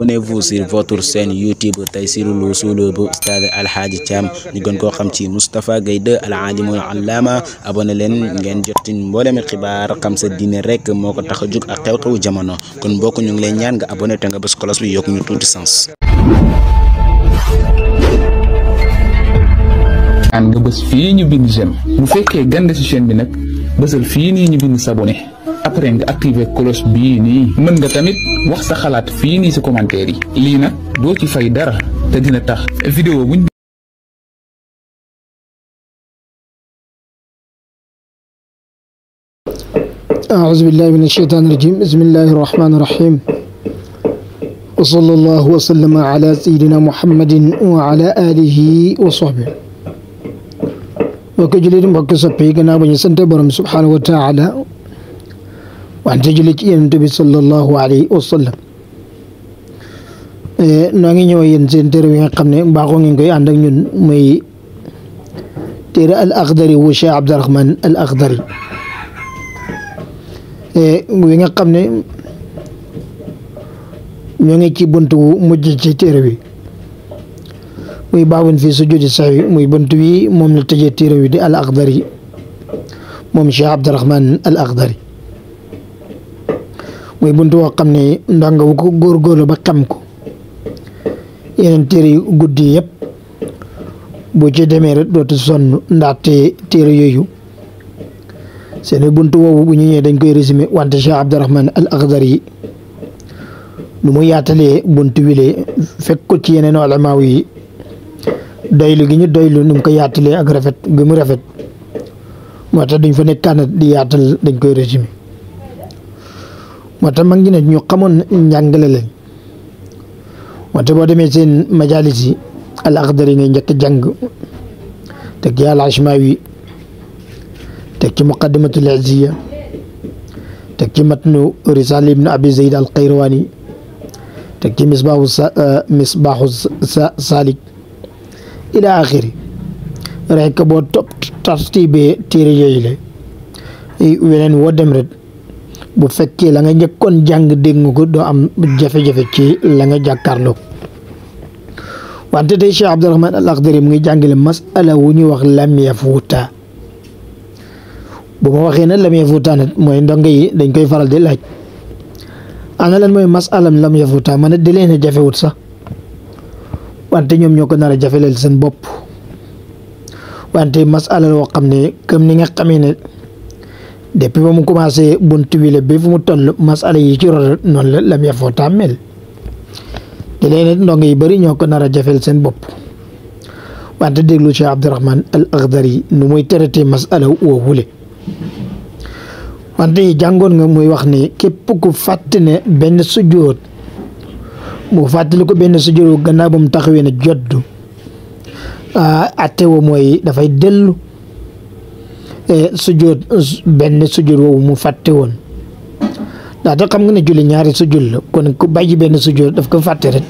Abonnez-vous sur votre chaîne YouTube Taysiroul Wousoul bu Oustaz Alhaji Thiam ñu gën koo xam ci Moustapha Gueye 2 al aalimul allaama abonné leen ngeen jotin mboolemi xibaar xam sa diine rek moo ko tax a jóg ak xew-xewu jamono kon mbokk ñu ngi lay ñaan nga abonné te nga bës cloche bi yokk ñu tuuti sens an nga bës fii ñu bind après nga activer cloche bi ni mën nga tamit wax sa xalaat fi ni ci commentaire yi li nak do ci fay dara te dina tax vidéo buñ أعوذ بالله من الشيطان الرجيم بسم الله الرحمن الرحيم وصلى الله وسلم على سيدنا محمد وعلى آله وصحبه وكجلد مبكسة بيقنا بني سنت برم سبحانه وتعالى wante julli ci yonent bi sallallahu alayhi wa sallam eh, noo ngi ñëw yéen seen téere bi nga xam ne mbaaxoo ngeen koy ànd ak ñun muy téere al akhdari wu Cheikh Abdurahman al akhdari wi eh, nga xam ne ñoo ngi ci buntu wu mujj ci téere bi muy baabun fii sujudi sahwi muy bunt wi moom la tëjee téere bi di al akhdari moom Cheikh Abdurahman al akhdari mooy bunt woo xam ne ndongo bu ko góorgóorlu ba xam ko yeneen téere yu guddi yëpp bu ci demee rek dootu sonn ndaxte téere yooyu seeni buntu woowu bu ñu ñëwee dañ koy résumé wante Cheikh Abdourahman al Akhdar yi lu mu yaatalee bunt wile fekk ko ci yeneen ulamaaw yi doylu gi ñu doylu nu mu ko yaatalee ak rafet gi mu rafet moo tax duñ fa nekkaanat di yaatal dañ koy résumé moo tax mag ñi ne ñu xamoon njàngale leen moo boo demee seen majalis yi al axdari ngay njëkk jàng teg ci al ashmawi teg ci muqaddimatul izziya teg ci matnu risale ibnu abi zayd al qayrawani teg ci misbaaxu euh, misbaaxu salik ila axiri rek boo topp tartibee téere yooyu la weneen woo dem rek bu fekkee la nga njëkkoon jàng dégg nga ko doo am jafe-jafe ci la nga jàkkaarloo wante tey Cheikh Abdurahman al Akhdari mu ngi jàngale masala wu ñuy wax lam yafuuta bu ma waxee na lam yafuuta nag mooy ndongo yi dañ koy faral di laaj ana lan mooy masalam lam yafuuta man di leen a jafewut sax wante ñoom ñoo ko nar a jafeleel seen bopp wante masala woo xam ne comme ni nga xamee ne depuis ba mu commencé bunt bi bi fu mu toll masala yi ci rotal noonu la lam tàmmeel te léegi ndongo yi bëri ñoo ko nar a jafeel seen bopp wante déglu Cheikh Abdourahman al Akhdari nu muy traité masala woowule wante yi jàngoon nga muy wax ne képp ku fàtte ne benn sujjóot mu fàttali ko benn sujjóot gannaaw ba mu taxawee ne jodd ah, atte wo mooy dafay dellu Eh, sujjóot benn sujjóot woowu mu fàtte woon ndaxte xam nga ne julli ñaari sujjóot la kon ku bàyyi benn sujjóot daf ko fàtte rek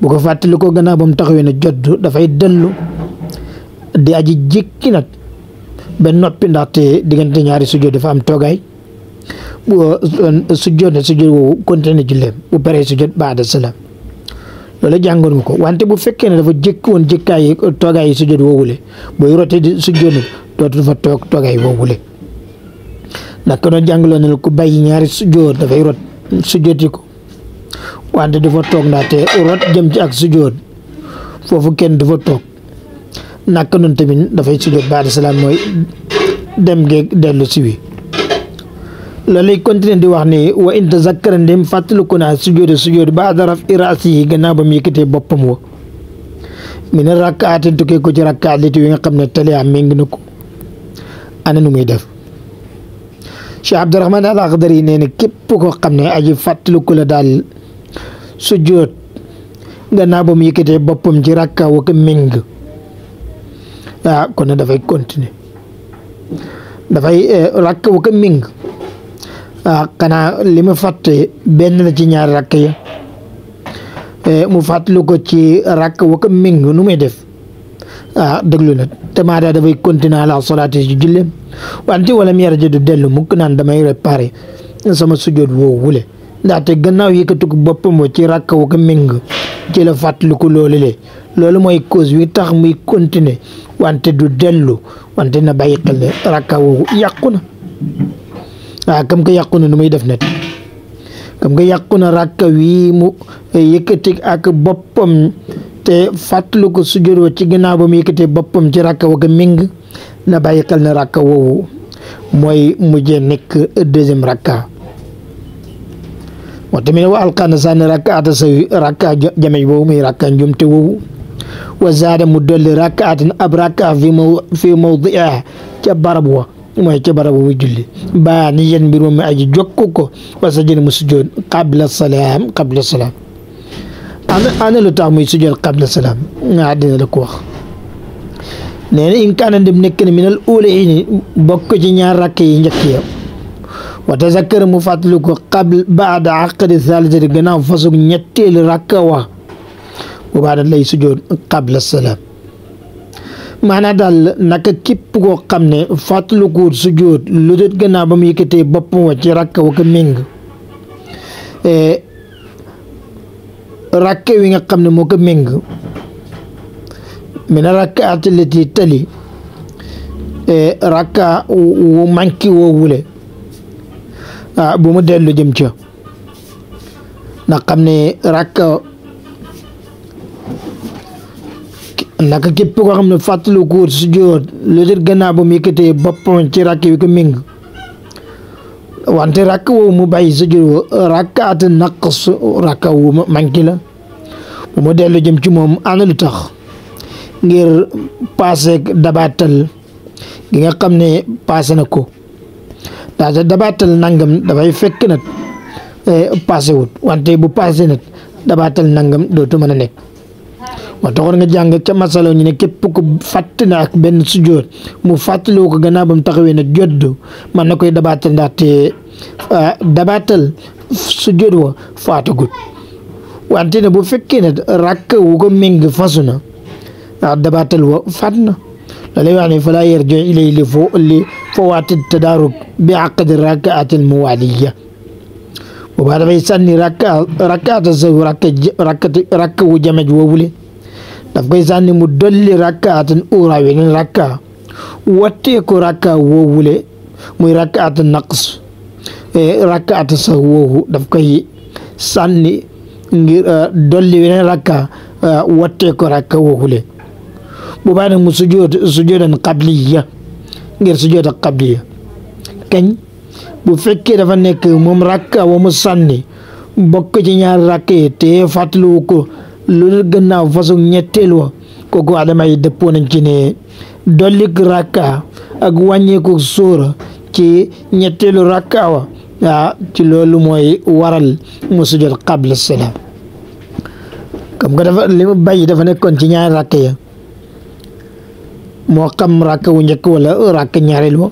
bu ko fàttali ko gannaaw ba mu taxawee ne jot dafay dellu di aji jékki nag ba noppi ndaxte diggante ñaari sujjóot dafa am toogaay bu sujjóot ne eh, sujjóot woowu continué julleem bu paree sujjóot baada salaam loola jàngoon nga ko wante bu fekkee ne dafa jëkk woon jëkkaay yi toogaay yi sujjóot woowule booy rote di sujjóot nag dootul fa toog toogaay woowule ndax ko doon jàngaloo ne ku bàyyi ñaari sujjóot dafay rot sujjóot yi ko wante du fa toog ndaxte rot jëm ci ak sujjóot foofu kenn du fa toog nak noonu tamit dafay sujjóot ba salaam mooy dem geeg dellu si wi loolu lay continuer di wax ni wa in tazakkara ndem fàttaliku naa sujjóodu sujjóodu ba adaraf iraas yi gannaaw ba mu yëkkatee boppam wa mi ne rakkaatin ko ci rakkaat li ti yi nga xam ne taliyaa méngi na ko ana nu muy def Cheikh Abdourahman al Akhdari nee na képp koo xam ne aj fàttaliku la daal sujjóot gannaaw ba mu boppam ci rakka wa ko méng ah kon dafay continuer dafay eh, rakka wa ko ah xanaa li mu fàtte benn la ci ñaari rakk yi eh, mu fàttali ko ci rakk wa ko méng nu muy def ah déglu na te maa daa dafay continuer la solaati ci julle wante wala mu yarja du dellu mukk naan damay réparé sama sujjoot woo wule ndaxte gannaaw yëkkatiku boppam ci rakk wa ko méng ci la fàttaliku loolu le loolu mooy cause wi tax muy continuer wante du dellu wante na bàyyi xel ne rakk woowu yàqu na waaw kam ko yàqu na nu muy def net kam ko yàqu na ràkka wii mu yëkkati ak boppam te fàttalu ko sujjóot ci ginnaaw ba mu yëkkatee boppam ci ràkka waka ming na bàyyi xel ne ràkka woowu mooy mujjee nekk deuxième wa tamit wa alqaana saani ràkkaata sa ràkka jamej boobu muy ràkka njumte woowu wa zaada mu dolli ràkkaatin ab ràkka fi mawdi'a ca barab wa mooy ca barabu mu julli baa ni yen mbir moom mi aji jokku ko wa sajada mu sujjoon qabla salaam qabla salaam ana ana lu tax muy sujjoon qabla salaam nga dina la ko wax nee na in kaana dem nekk na ini bokk ci ñaar rakk yi njëkk ya wa tazakkara mu fàttali ko qabl baada aqdi thalisati gannaaw fasug ñetteelu rakk wa bu baax lay sujjoon qabla salaam maanaam daal naka képp koo xam ne fàttalikuwut sujjóot lu dut gannaaw ba mu yëkkatee bopp wa ci rakk wa ko méng e, rakk wi nga xam ne moo ko méng mi na rakk atleti tali e, rakka wu manki woo wule ah, bu mu dellu jëm ca na xam ne rakka naka képp koo xam ne fàttalu ko sujjoot lu jot gannaaw ba mu yëkkatee boppam ci rakk wi ko méng wante rakk woowu mu bàyyi sujjoot rakkaat naqs rakka wu manki la bu mu dellu jëm ci moom ana lu tax ngir paaseeg dabaatal gi nga xam ne paase na ko daata dabaatal nangam dafay fekk nag eh, paase wut wante bu paase nag dabaatal nangam dootu ma a nekk moo taxoon nga jàng ca masalo ñu ne képp ku fàtt na ak benn sujjóot mu fàttaloo ko gannaaw ba taxawee na jodd man na koy dabaatal ndaxte euh, dabaatal sujjóot wa faatagut wante ne bu fekkee ne rakk wu ko fasu na ndax dabaatal wa faat na loolay wax ne falaa yarjo ilay li fo li fawaati tadaaruk bi àqdi rakaatil muwaaliya boobaa dafay sànni rakka rakkaata sa rakka rakk wu jamaj woowule daf koy sànni mu dolli rakkaatan uura weneen rakka watteeku rakka woowule muy rakkaata naqs e, rakkaata sax woowu daf koy sànni ngir e, dolli weneen rakka e, watteeku rakka woowule bu baax nag mu sujjood sujjoodan qabliya ngir sujjooda qabliya kañ bu fekkee dafa nekk moom rakka wa mu sànni bokk ci ñaar rakka yi te fàttaliwu ko loolu gannaaw façon ñetteel wa kooku adama yi dëppoo nañ ci ne dollik rakka ak wàññeeku sóora ci ñetteelu rakka wa ci loolu mooy waral mu sujud qabla salaam comme que dafa li mu bàyyi dafa nekkoon ci ñaar rakk ya moo xam rakk wu njëkk wala rakk ñaareel mu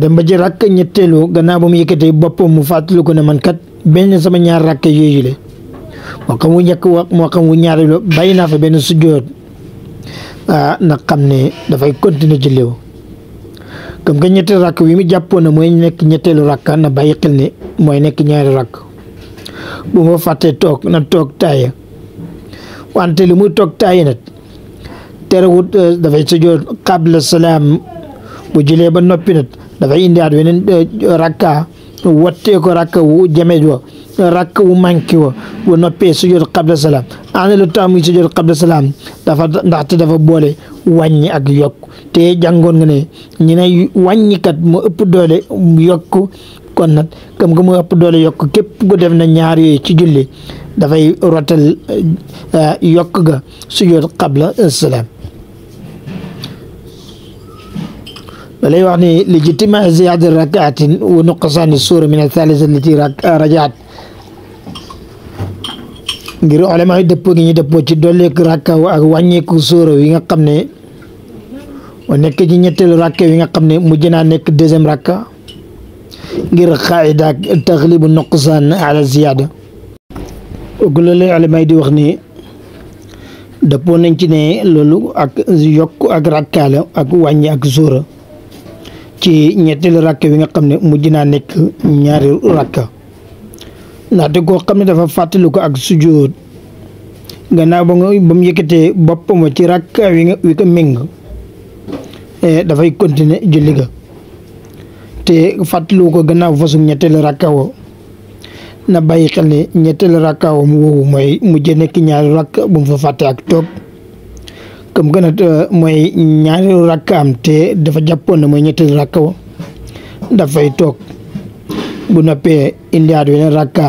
dem ba ci rakk ñetteelu gannaaw ba mu yëkkatee boppam mu fàttaliku ne man kat benn sama ñaar rakk yooyu le moo xam wu njëkk wa moo xam wu ñaari la bàyyi naa fa benn sujjoot ah xam ne dafay continuer ci léew comme que ñetti rakk wi mu jàppoon na mooy nekk ñetteelu rakk na bàyyi xel ne mooy nekk ñaari rakk bu ma fàttee toog na toog taaya wante li mu toog taaya nag terewut eh, dafay sujjoot qabla salaam bu jëlee ba noppi nag dafay indiwaat weneen eh, rakka wattee rakka wu jameej wa rakk wu manqué wa bu noppee sujjoot qabla salaam ana lu tax muy sujjoot qabla salaam dafa ndaxte dafa boole wàññi ak yokk te jàngoon nga ne ñu ne wàññikat mu ëpp doole yokk kon nag comme que mu ëpp doole yokk képp gu def na ñaar yooyu ci julli dafay rotal eh, eh, yokk ga sujjoot qabla salaam balay wax ni li jitima ziyaada rakaatin wa nuqsaani suura min athalisa allati rajaat ngir olama yi dëppoo gi ñu dëppoo ci dolleeku rakkaw ak wàññeeku sóora yi nga xam ne nekk ci ñetteelu rakka yi nga xam ne mujj naa nekk deuxième rakka ngir xaayida ak taxlibu noqsaan di wax ni dëppoo nañ ci ne loolu ak yokk ak rakka la ci ñetteelu rakka yi nga xam ne mujj naa nekk ñaari rakka ndaxte koo xam ne dafa fàttali ko ak sujjóot gannaaw ba nga ba mu yëkkatee boppam ci rakk wi nga wi ko eh, dafay continuer julli te fàttaliwu ko gannaaw fasu ñetteelu rakkawo na bàyyi xel ne ñetteelu rakkawo mu woowu mooy mujje nekk ñaari rakk bu mu fa fàtte ak toog comme gën eh, mooy ñaari rakk te dafa jàppoon ne mooy ñetteelu rakkawo dafay toog bu noppee indiwaat weneen rakka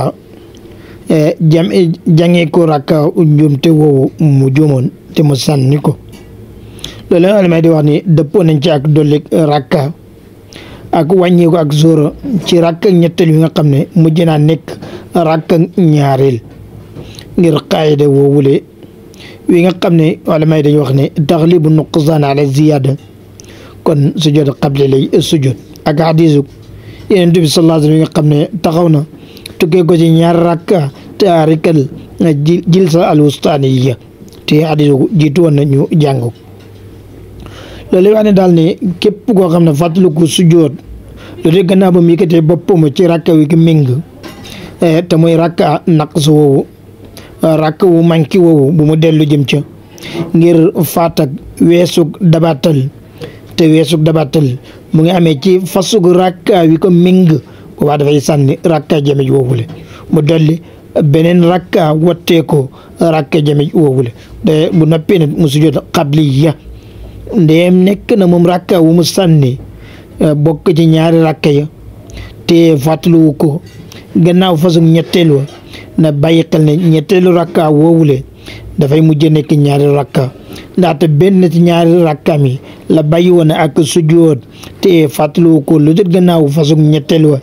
e, jam e, jàngee ko rakka njuumte woowu mu juumoon te mu sànni ko loolu la alimay di wax ni dëppoo nañ ci ak dolli rakka ak wàññeeku ak zoro ci rakka ñetteel yi nga xam ne mujj naa nekk rakka ñaareel ngir qaayida woowule wi nga xam ne alimay dañuy wax ne taxlibu nuqsaan ala ziyaada kon sujjoot qabli lay sujjoot ak hadiisu yonent bi sallallahu alayhi nga xam ne taxaw na tukkee ko ci ñaar rakka taarikal jilsa alwustaaniya te hadis jiitu woon na ñu jàng loolu wax ne daal ne képp koo xam ne fàttaliku sujjoot lu de gannaaw ba mu yëkkatee ci rakka wi ki méng eh, te mooy rakka naqs woowu rakk wu manki woowu bu mu dellu jëm ca ngir faat ak weesug dabatal te weesug dabatal mu ngi amee ci fasugu rakka wi ko méng boobaa dafay sànni rakka jamij woowule mu dolli beneen rakka wattee rakka jamij woowule de bu noppee nag mu sujjoot qabliya ndeem nekk na moom rakka wu mu sànni eh, bokk ci ñaari rakka ya te fàttaliwu ko gannaaw fasug ñetteel wa na bàyyi xel ne ñetteelu rakka woowule dafay mujj nekk ñaari rakka ndaxte benn ci ñaari rakkam la bàyyi woon ak sujjoot te fàttaliwu ko lu jot gannaaw fasug ñetteel wa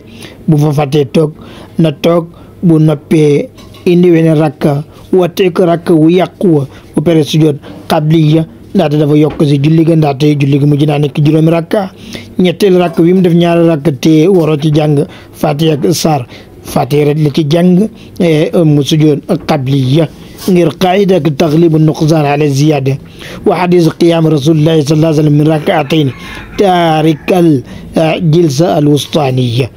bu fa fàttee toog na toog bu noppee indi weneen rakka watteek rakka wu yàqu wa bu pere sujjoot xabliya ndaxte dafa yokk si julli ga ndaxte julli gi mujj naa nekk rakka ñetteel rakk wi mu def ñaari rakk te waroo ci jàng fàttee ak saar fàttee rek la ci jàng eh, mu um, sujjoot xabliya غير قاعدة تغلب النقصان على الزيادة وحديث قيام رسول الله صلى الله عليه وسلم من ركعتين تارك الجلسة الوسطانية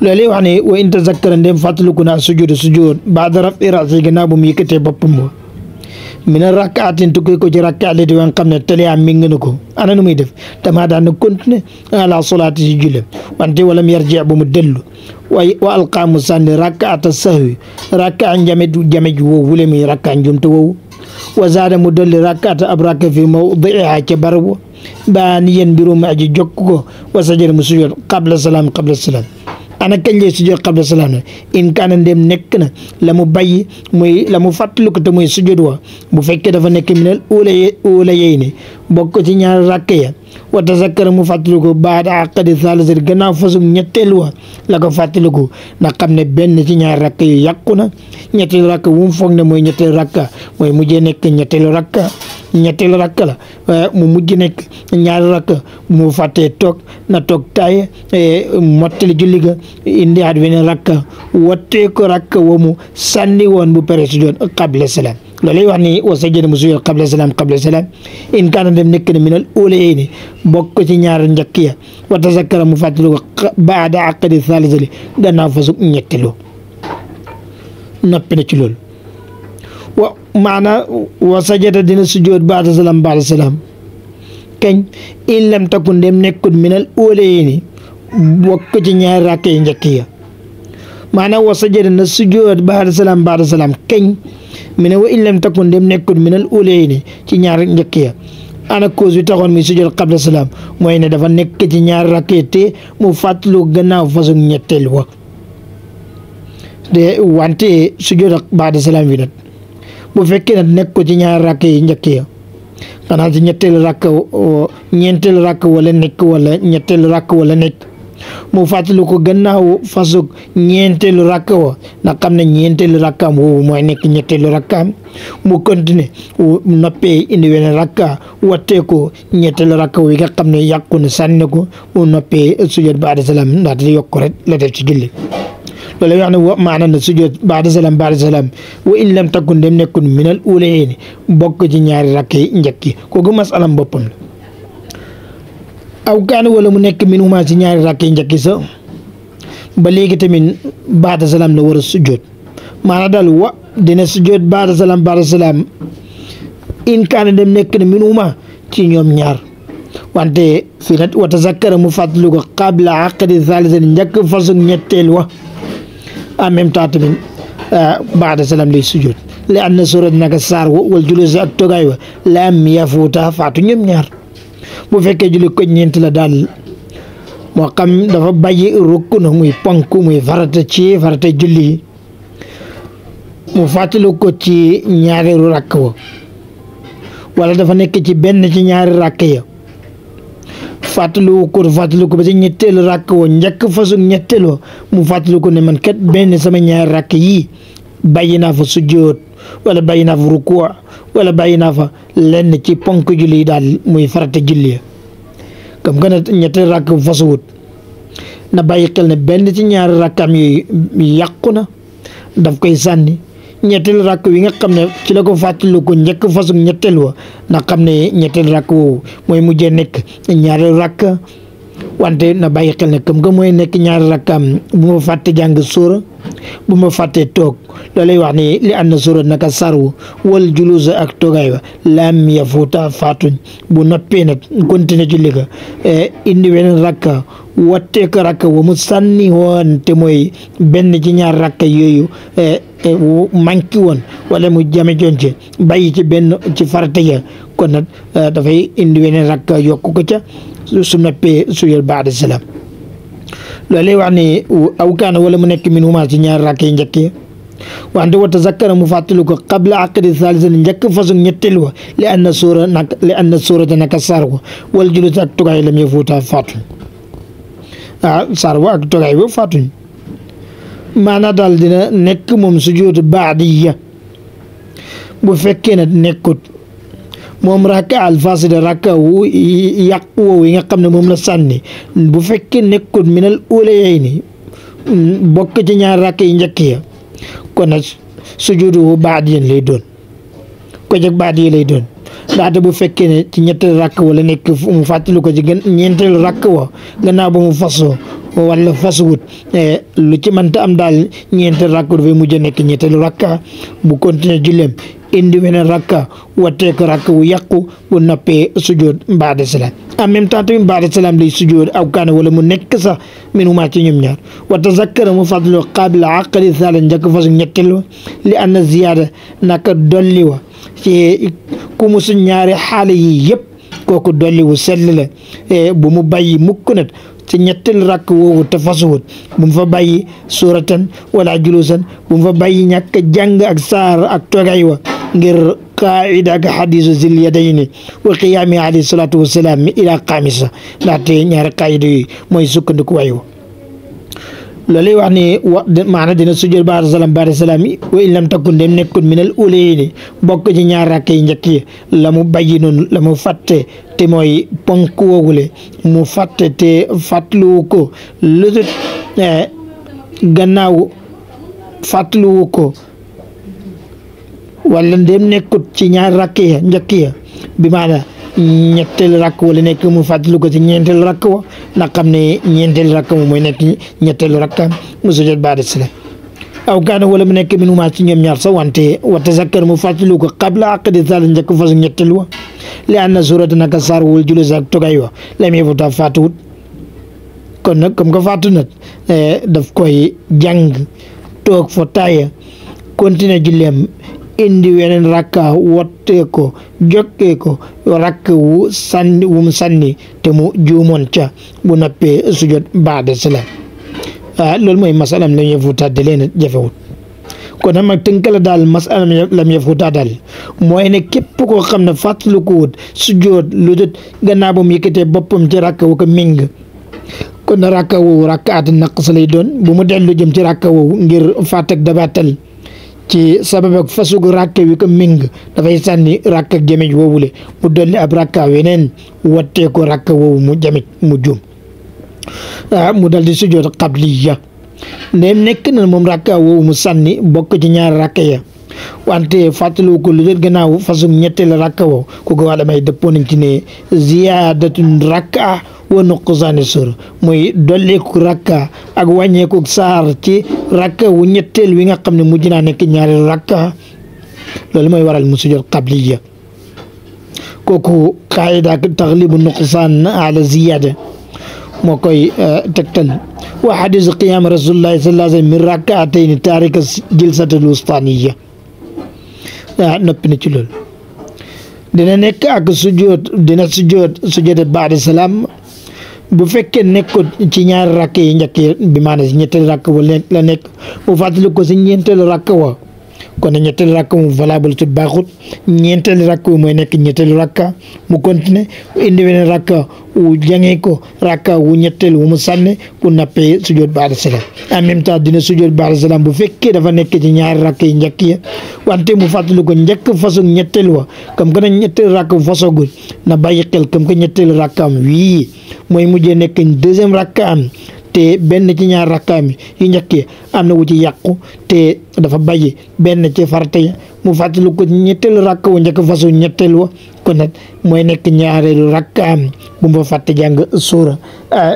لا wax ne wa in tazakkara ndem fàttaliku naa sujud sujud ba da rafi rasi gannaaw mi ne rakkaatin tukkee ko ci rakkaat li di woon xam ne tali am mi ngi na ko ana muy def damaa daan na continuer ala solaati si julle wante wala mu yarjee bu mu dellu wa alqaamu sànni rakkaata sahwi rakkaa njamit jamit woowu wule muy rakkaa njumte woowu wa zaada mu dolli rakkaata ab rakka fi mawdiiha ca barabu baaniyan mbirum aji jokk ko wa sajada mu sujjoot qabla salaam qabla salaam ana kañ lay sujjoot qabla salaam ne in kaana ndem nekk na la mu bàyyi muy la mu fàttali ko te muy sujjoot wa bu fekkee dafa nekk minal uula yey ne bokk ci ñaar ràkk ya wa tazakkara mu fàttaliku baada àqadi saalisati gannaaw fasum ñetteel wa la ko fàttaliku ndax xam ne benn ci ñaar rakk yu yàqu na ñetteelu rakk wu foog ne mooy ñetteelu rakka mooy mujjee nekk ñetteelu rakka ñetteelu rakk la eh, mu mujj nekk ñaari rakk mu fàttee toog na toog taay eh, mottali julli ga indi at weneen rakk wattee rakk wa mu sànni woon bu pare si doon xable salaam loolay wax ni wa sajjada mu sujjóot qabla salaam qabla salaam in kaana dem nekk na minal ulayayni bokk ci ñaar njëkk ya wa mu fàttali ko baada aqdi thaalisa li gannaaw fasug ñettilu noppi na ci loolu wa maana wa sajjada dina sujjóot baada salaam baada salaam kañ in lam takun nekkut minal ulayayni bokk ci ñaar rakk yi njëkk ya maanaam wa sajada na sujjoot ba'da salaam ba'da salaam kañ ne wa in lam takun dem nekkul min al ni ci ñaar njëkk ya ana cause bi taxoon mi sujjoot qabla mooy ne dafa nekk ci ñaar rakkete mu fàttalu gannaaw façon ñetteel wa de wante sujjoot ba'da salaam nag bu fekkee nag nekk ko ci ñaar rakk yi njëkk ya xanaa ci ñetteel rakk ñeenteel rakk wala nekk wala ñetteel rakk wala nekk mu fàttali ko gannaaw fasug ñeenteelu rakk wa ndax xam ne ñeenteelu rakkaam woowu mooy nekk ñetteelu rakkaam mu continué noppee indi wenn rakka wattee ko ñetteelu rakka wi nga xam ne yàqu na sànni ko mu noppee sujjoot ba salaam ndax di yokk rek la def ci julli loolu la wax ne wa maanaam na sujjoot baada salaam baada salaam wa in lam takun dem nekkun minal ulayni bokk ci ñaari rakk yi njëkk yi kooku masalam boppam aw kaani wala mu nekk min huma ci ñaari rakk yi njëkki sa léegi tamit baata salaam la war a sujjoot maanaam daal wa dina sujjoot baata salaam baata salaam in kaana dem nekk na min ci ñoom ñaar wante fii nag wa tazakkara mu fàttali ko qabla aqdi thalitha njëkk fasu ñetteel wa en même temps tamit euh, baada salaam lay sujjoot li anna surat naka saar wa wal julus ak togaay wa lam faatu ñoom ñaar bu fekkee julli ko ñeent la daal moo xam dafa bàyyi rukk na muy ponk muy farata ci farata julli mu fàttalu ko ci ñaareelu rakk wa wala dafa nekk ci benn ci ñaari rakk ya fàttaliwu ko fàttaliwu ko ba ci ñetteelu rakk wa njëkk fasul ñetteelu mu fàttaliwu ko ne man kat benn sama ñaari rakk yii bàyyi naa fa sujjoot wala bàyyi naa fa rukuwa wala bàyyi naa fa lenn ci ponk julli yi daal muy farata julli ya comme que ne ñetti rakk fasuwut na bàyyi xel ne benn ci ñaari rakkaam yi yàqu na daf koy sànni ñetteelu rakk wi nga xam ne ci la ko fàttaliku ko njëkk fasu ñetteel wa na xam ne ñetteel rakk woowu mooy mujjee nekk ñaari rakk wante na bàyyi xel ne këm nga mooy nekk ñaari rakkaam bu ma fàtte jàng sóora bu ma fàttee toog loolay wax ni li ànd na sóora naka sarwu wal juluusa ak toogaay ba laam ya fuuta faatuñ bu noppee nag continué julli ga e, indi weneen rakka watteek rakka wa mu sànni woon te mooy benn ci ñaar rakka yooyu e, e, manqué woon wala mu jame joon bàyyi ci benn ci farata ya kon nag dafay indi weneen rakka yokku ko ca su noppee sujjóot baada salaam loolu lay wax ne aw kaana wala mu nekk min huma ci ñaari rakk yi njëkk yi wante wa tazakkara mu fàttali ko qabla aqdi thalitha njëkk façon ñetteel wa li anna suura nag li anna suurata naka saar wa wal ak togaay lam yafuuta faatuñ faatuñ maanaa daal dina nekk moom sujjóot baadiya bu fekkee ne nekkut moom rakka alfasida rakka wu yàq woow yi nga xam ne moom la sànni bu fekkee nekkul minal ulayay ni bokk ci ñaar rakk yi njëkk ya kon nag sujudu baad yéen lay doon ko jeg baad yi lay doon ndaxte bu fekkee ne ci ñetteel rakk wala nekk mu fàttali ko ci gën ñeenteel wa gannaaw ba mu fasoo wala fasuwut eh, lu ci mënta am daal ñeenteel rakk dafay mujj nekk ñetteelu rakka bu continuer julleem indi wene rakka ko rakka wu yakku wu noppee sujud mbaade salam en même temps tamit mbaade salam lay sujud aw kaane wala mu nekk sax min humaa ci ñoom ñaar wa tazakkara mu fadlu qabil aqali saala njëkk fasu ñettel wa li anna ziyaada naka dolli wa ci ku mu musu ñaari xaale yi yëpp kooku dolli wu sell la bu mu bàyyi mukk nag ci ñettil rakk woowu te fasuwut bu mu fa bàyyi suuratan wala julusan bu mu fa bàyyi ñàkk jàng ak saar ak togay wa ngir qaida ak xadisu zil yadayni wa qiyaami alayhi salaatu wasalaam ila xaamisa ndaxte ñaari qaida yi mooy sukkandiku loolu wax ni maana dina sujjal baada salaam baada salaam wa in lam takun dem nekkul minal bokk ci ñaar rakk yi njëkk la mu bàyyi la mu fàtte te mooy ponk woogule mu fàtte te fàttaliwu ko lu dul eh, gannaaw fàttaliwu ko wala ndéem nekkut ci ñaar rakk ya njëkk ya bi maana ñetteel rakk wala nekk mu fàttali ko ci ñeenteel rakk wa na xam ne ñeenteel rakk moom mooy nekk ñetteel rakka mu sujjoot baada salaam aw kaana wala mu nekk min huma ci ñoom ñaar sa wante wa tazakkar mu fàttali ko qabla aqdi thaali njëkk fasu ñetteel wa li anna suurata a saar wal julus ak togay wa lam yefuta fàttuwut kon nag comme que fàttu eh, daf koy jàng toog fa taaya julleem indi weneen rakka wottee ko rakk wu sànni te mu juumoon ca bu noppee sujot baada salaam ah, loolu mooy masalam lam yafuutaa di leen jafewut daal masalam lam yafuutaa mooy ne képp koo xam ne fàttalikuwut sujjoot lu dut gannaaw ba mu yëkkatee boppam ci rakk wu ko méng kon rakka woowu rakkaat naqs lay doon bu mu dellu jëm ci rakka woowu ngir fàttak dabaatal ci sabab ak fasug ràkk wi ko méng dafay sànni rakk ak jamej woowule mu dolli ab ràkka weneen wattee ko ràkk woowu mu jamej mu juum ah, mu dal di sujjoot qabliya ndéem nekk na moom ràkka woowu mu sànni bokk ci ñaari ràkk ya wante fàttaliwu ko lu jot gannaaw fasug ñetteel ràkk woowu ku ko waa damay dëppoo nañ ci wa nuqsaani sur muy dolleeku rakka ak wàññeeku saar ci rakka wu ñetteel wi nga xam ne mujj naa nekk ñaareelu rakka loolu mooy waral mu sujjoot qabliya kooku qaayida ak taxlibu nuqsaan ala ziyaada moo koy eh, tegtal wa xadisu qiyaam rasulillahi sallallahu alayhi min rakkaatayni taarika jilsatal wustaaniya ah noppi na ci loolu dina nekk ak sujjoot dina sujjoot sujjoot baada salaam bu fekkee nekk ci ñaari rakk yi njëkk bi maane si ñetteelu rakk wa la nekk bu fàttali ko si ñeenteelu rakk wa kon ne ñetteelu rakk mu valable te baaxut ñeenteelu rakk mooy nekk ñetteelu rakka mu continuer mu indi beneen rakka wu jàngee ko rakka wu ñetteel wu mu sànne bu nappee sujjoot baada salaam en même temps dina sujjoot baada salaam bu fekkee dafa nekk ci ñaari rakk yi njëkk ya wante mu fàttalu ko njëkk façon ñetteelu wa comme que na ñetteelu rakk fasogul na bàyyi xel comme que ñetteelu rakka am wii mooy mujjee nekk deuxième rakka am te benn ci ñaar rakkaam yi njëkk yi am na wu ci yàqu te dafa bàyyi benn ci farata mu fàttali ko ñetteelu rakk wa njëkk façon kon nag mooy nekk ñaareelu rakkaam bu mu fàtte jàng suura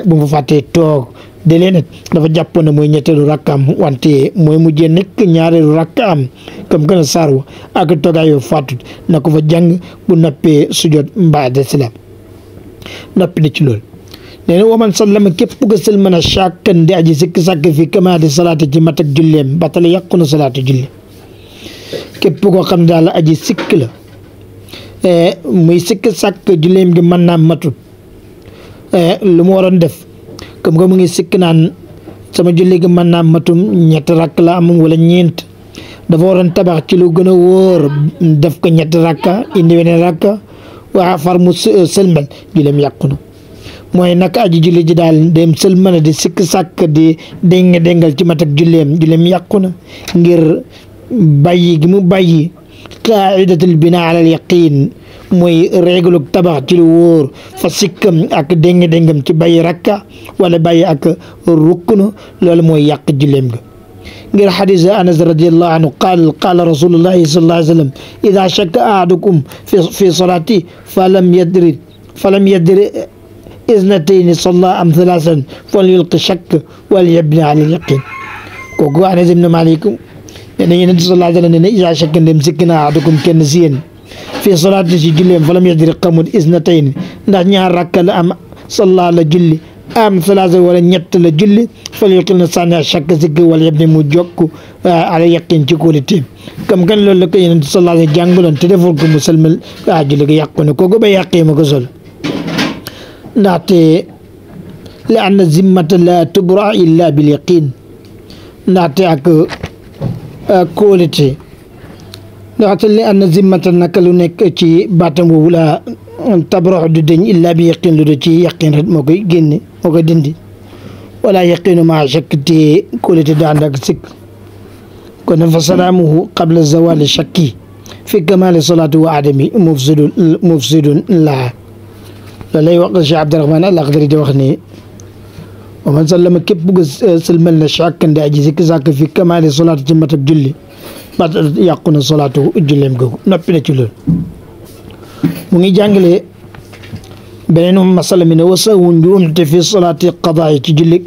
bu mu fàttee toog de léegi dafa jàppoon ne mooy ñetteelu rakkaam wante mooy mujjee nekk ñaareelu rakkaam comme que ne saar wa ak toogaayoo fàttut na ko fa jàng bu noppee sujjoot mbaa des la noppi na ci lool nee na waman sallama képp ku ko sëlman a chàkkan di aji sikk sàkk fi kamaadi salaati ci mat ak julleem batale yàqu na salaatu julli képp koo xam daal aj sikk la eh, muy sikk sàkk julleem gi mën naa matut eh, lu mu waroon def comme que mu ngi sikk naan sama julli mën naa matum ñetti rakk la am wala ñeent dafa waroon tabax ci lu gën a wóor def ko ñett rakka indi weneen rakka waa far mu sëlmal julleem yàqu mooy nak aji julli ji daal dem sël mën a di sikk sàkk di dénga déngal ci mat ak julleem julleem yàqu na ngir bàyyi gi mu bàyyi qaidatul bina alal yaqin mooy réglu tabax ci lu fa sikkam ak dénga déngam ci bàyyi rakka wala bàyyi ak rukkunu lool mooy yàq julleem ga غير حديث أنس رضي الله عنه قال قال رسول الله صلى الله عليه وسلم إذا isnatayni salla am thalaasan fal yulqi shakk wal yabni ala yaqin kooku anas ibnu malik nee na yonent sallallahu alayhi wa sallam nee na isa shakka ndem sikki na ahadukum kenn si yéen fii salaatin si julleem fa lam yadri xamul isnatayni ndax ñaar rakka la am salla la julli am salaasa wala ñett la julli fal yuqil na sànni a shakk sikk wala yabni mu jokk ala yaqin ci kóoliteem kam kan loolu la ko yonent sallallahu alayhi wa sallam jàngaloon te deful ko mu salmal ah julli ko yàqu na kooku ba yàqee ma ko ndaxte li anna la tubra illa bil yaqin ndaxte ak kóolite ndaxte li anna naka lu nekk ci baatam boobu la tabrox du deñ bi yaqin lu de ci yaqin rek moo koy dindi wala yaqinu maa chakk te kóolite du sikk kon fa salaamuhu qabla zawali chakki fi kamali salaatu wa mufsidun mufsidun لا يوقف شي عبد الرحمن الله قدر يدوخني ومن آه، سلم كيف بقى سلمنا الشعك كان داعي عجيز كزاك في كمال صلاة جمعة بجلي بعد يقون صلاة جلي مقو نبنا تلول مغي جانجلي بينهم مسألة من وسا ونجوم في صلاة القضاء تجلي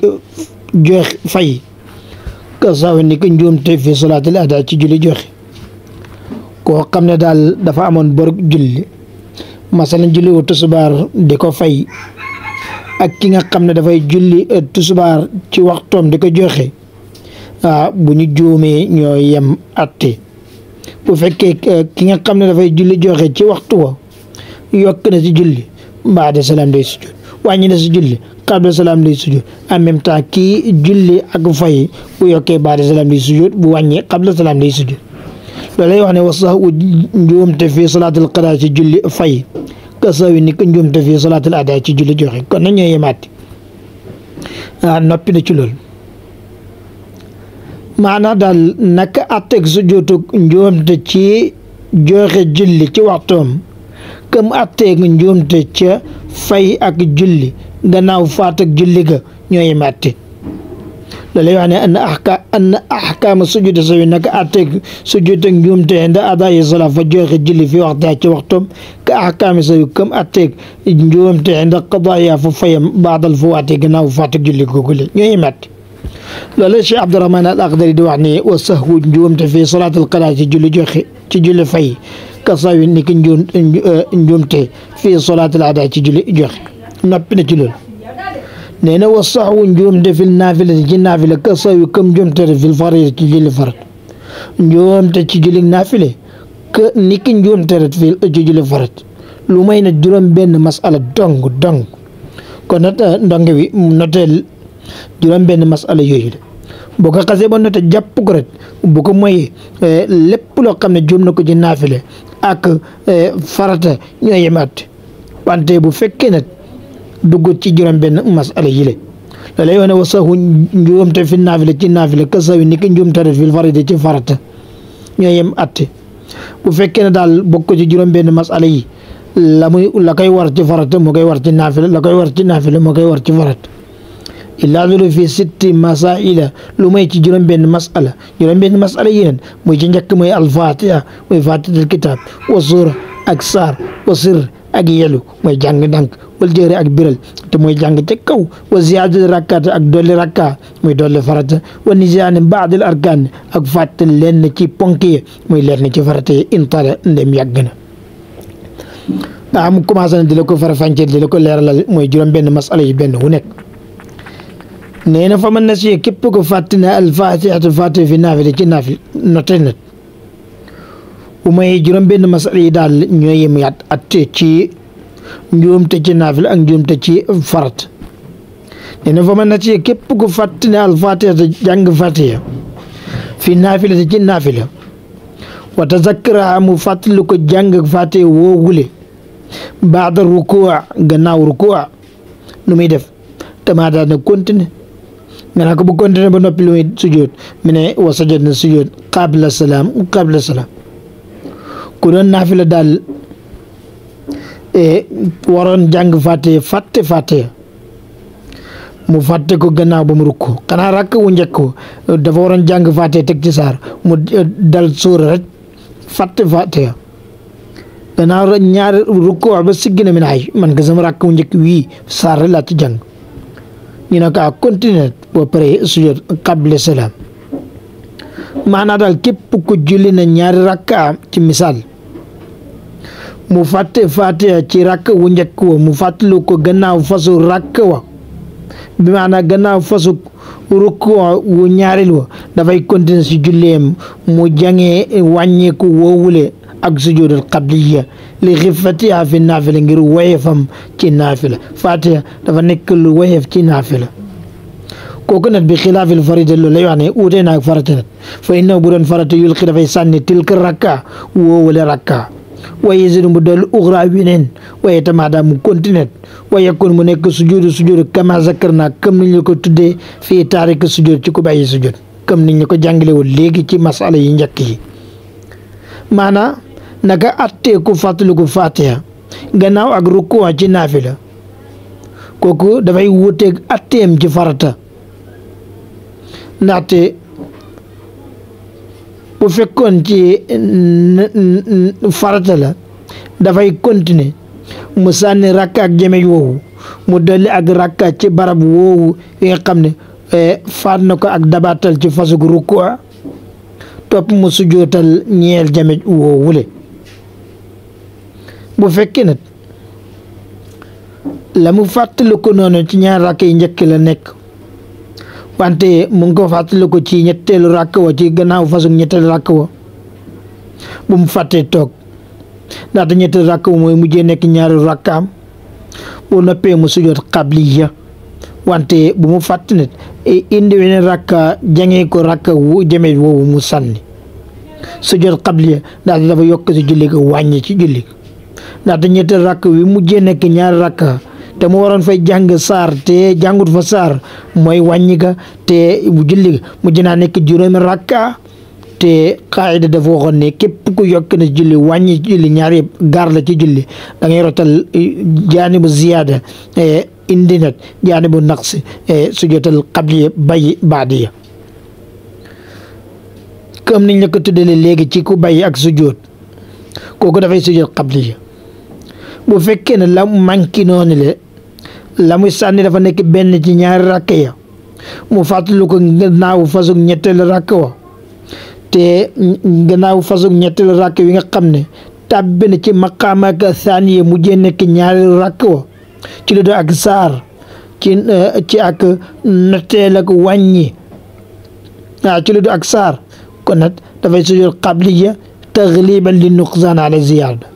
جوخ في كساو انك نجوم في صلاة الأداء تجلي جوخ كو قمنا دال دفع من برق جلي masalan julli wu tusubaar di ko fay ak ki nga xam ne dafay julli euh, tusubaar ci waxtoom di ko joxe ah, bu ñu juumee ñoo yem atte bu fekkee euh, ki nga xam ne dafay julli joxe ci waxtu wa yokk na si julli baada salaam day sujud wàññi na si julli qabla salaam day sujud en même temps kii julli ak fay bu yokkee baada salaam day sujud bu wàññi qabla salaam day sujud da lay wax ne wa sax u njuumte fii salaatul qadaa ci julli fay ka ni ko njuumte fii salaatul adaa ci julli joxe kon na ñoo yemaat ah noppi na ci loolu maanaam daal naka àtteeg su njuumte ci joxe julli ci waxtoom kam àtteeg njuumte ca fay ak julli gannaaw faat julli ga ñoo yemaat la lay wax ne an axka an axkaama sujudi sawi sujud ak njuumte nda fa joxe julli fi waxtaa ci waxtoom ka axkaami sawi kam atteeg njuumte nda qadaaya fa fayam baadal fawaati gannaaw faatig julli googule ñoo imaat loolee Cheikh Abdourahmane al Akhdari di wax ne wa sahwu njuumte fi salaat al qadaa ci ka sawi ni ki fi salaat al adaa ci nee na wa saxwu njuum te fil naafilati ci naafila ka sawi kam njuumte fil farid ci julli farat njuumte ci julli naafile ka niki njuumte fil ci julli farat lu may na juróom benn masala dong dong kon nag eh, ndonge wi juróom benn masala yooyu la boo ko xasee ba note jàpp ko rek bu ko moyee eh, lépp loo xam ne juum na ko ci naafile ak eh, farata ñooy yemaat wante bu fekkee nag dugg ci juróom-benn masala yi le la lay wax ne wasaahu njuumte fi naafila ci naafila kasawi ni ki njuumte fil farida ci farata ñoo yem atte bu fekkee ne daal bokk ci juróom-benn masala yi la muy la koy war ci farata mu koy war ci naafila la koy war ci naafila mu koy war ci farata illaa dulu fi sitti masaila lu may ci juróom-benn masala juróom-benn masala yi neen muy ci njëkk mooy alfatiha mooy fatihatul kitab wa suura ak saar wa sir ak yelu mooy jàng ndànk wal jëri ak biral te mooy jàng ca kaw wa ziyaada rakkaat ak dolli rakka muy dolli farata wa nisaani baadil arkaan ak fàttali leen ci ponk yi muy leen ci farata yi intala ndem yàgg na daa am na di la ko farafànceel di la ko leeralal mooy juróom benn masala yi benn wu nekk nee na fa man na si na alfatihatu fàtte yi ci njuumte ci naafil ak njuumte ci farat nee na fa ma na ci képp ku fàtt ne alfatiha te jàng fatiha fi naafila te ci naafila wa tazakkara mu fàttali ko jàng fatiha woogule gannaaw rukuwa lu muy def tamaa daal na continuer nga naa ko bu continuer ba noppi lu mu ne wa na sujjoot qabla salaam qabla salaam ku doon naafila daal E waroon jàng fàtte fàtte fàtte mu fàtte ko gannaaw ba mu rukkoo xanaa rakk wu njëkk dafa waroon jàng fàtte teg ci saar mu e, dal suura rek fàtte fàtte gannaaw ñaari rukkoo ba siggi ay man nga sama rakk wu njëkk wii saar rek laa ci jàng ñu ne ko a ah, continuer ba pare sujud qable salaam maanaa daal képp ku julli na ñaari rakka ci misaal mu fàtte fatiha ci rakk wu njëkk wa mu fàttalu ko gannaaw fasu rakk wa bi maanaam gannaaw fasu rukk wu ñaaril wa dafay continuer si julleem mu jàngee wàññeeku woowule ak sujudul qabliya li xifatiha fi naafila ngir woyefam ci naafila fatiha dafa nekk lu woyef ci naafila kooku nag bi xilaafil farida loolu lay wax ne uute naag farata nag fa innahu bu doon farata yulqi dafay rakka woowule rakka wa yasiru mu dolli uxraa weneen waaye tamaada mu continue wa yakun mu nekk sujoodu sujoodu kama zakar naa comme niñ la ko tuddee fii taarika sujood ci ko bàyyi sujood comme niñ la ko jàngale woon léegi ci masala yi njëkk yi maanaa naka atteeku fàttaliku fatiha gannaaw ak rukkuwa ci naafila kooku dafay wuuteeg atteem ci farata ndaxte bu fekkoon ci farata la dafay continuer mu sànni rakk ak jëmej woowu mu dolli ak rakka ci barab woowu yi nga xam ne e, faat ko ak dabaatal ci fasug rukua topp mu sujootal ñeel jëmej woowule bu fekkee nag la mu fàttaliku noonu ci ñaar rakk yi njëkk la nekk wante mu ngi ko ci ñetteelu ràkk wa ci gannaaw façon ñetteelu ràkk wa bu mu fàttee toog ndaxte ñetteelu ràkk wa mu mujjee nekk ñaari ràkkaam bu noppee mu sujjoot xabliya wante bu mu fàtte ne e, indi weneen ràkka jangee ko ràkka wu jameet mu sànni sujjoot xabliya ndaxte dafa yokk si julli ko wàññi ci julli ndaxte ñetteelu ràkk wi mujjee nekk ñaari ràkka te mu waroon fay jàng saar te jàngut fa saar mooy wàññi ga te bu julli mu dinaa nekk juróomi rakka te qaayida dafa waxoon ne képp ku yokk na julli wàññi julli ñaar yëpp gaar la ci julli dangay ngay rotal eh, jaanibu ziyaada eh, indi nag jaanibu naqsi eh, sujootal qabli bayi baadiya comme niñ la ko léegi ci ku bayi ak sujoot kooku dafay sujoot qabli bu fekkee ne la manqué le la sànni dafa nekk benn ci ñaari rakk ya mu fàttali ko gannaaw fasug ñetteel rakk wa wi nga xam ne tàbbi na ci maqaam ak mu mujjee ki ñaari rakk wa ci ak saar ci eh, ci ak natteel wàññi waaw ci ak saar kon nag dafay sujjoot qabliya tagliban li nuqsaan ala ziyaada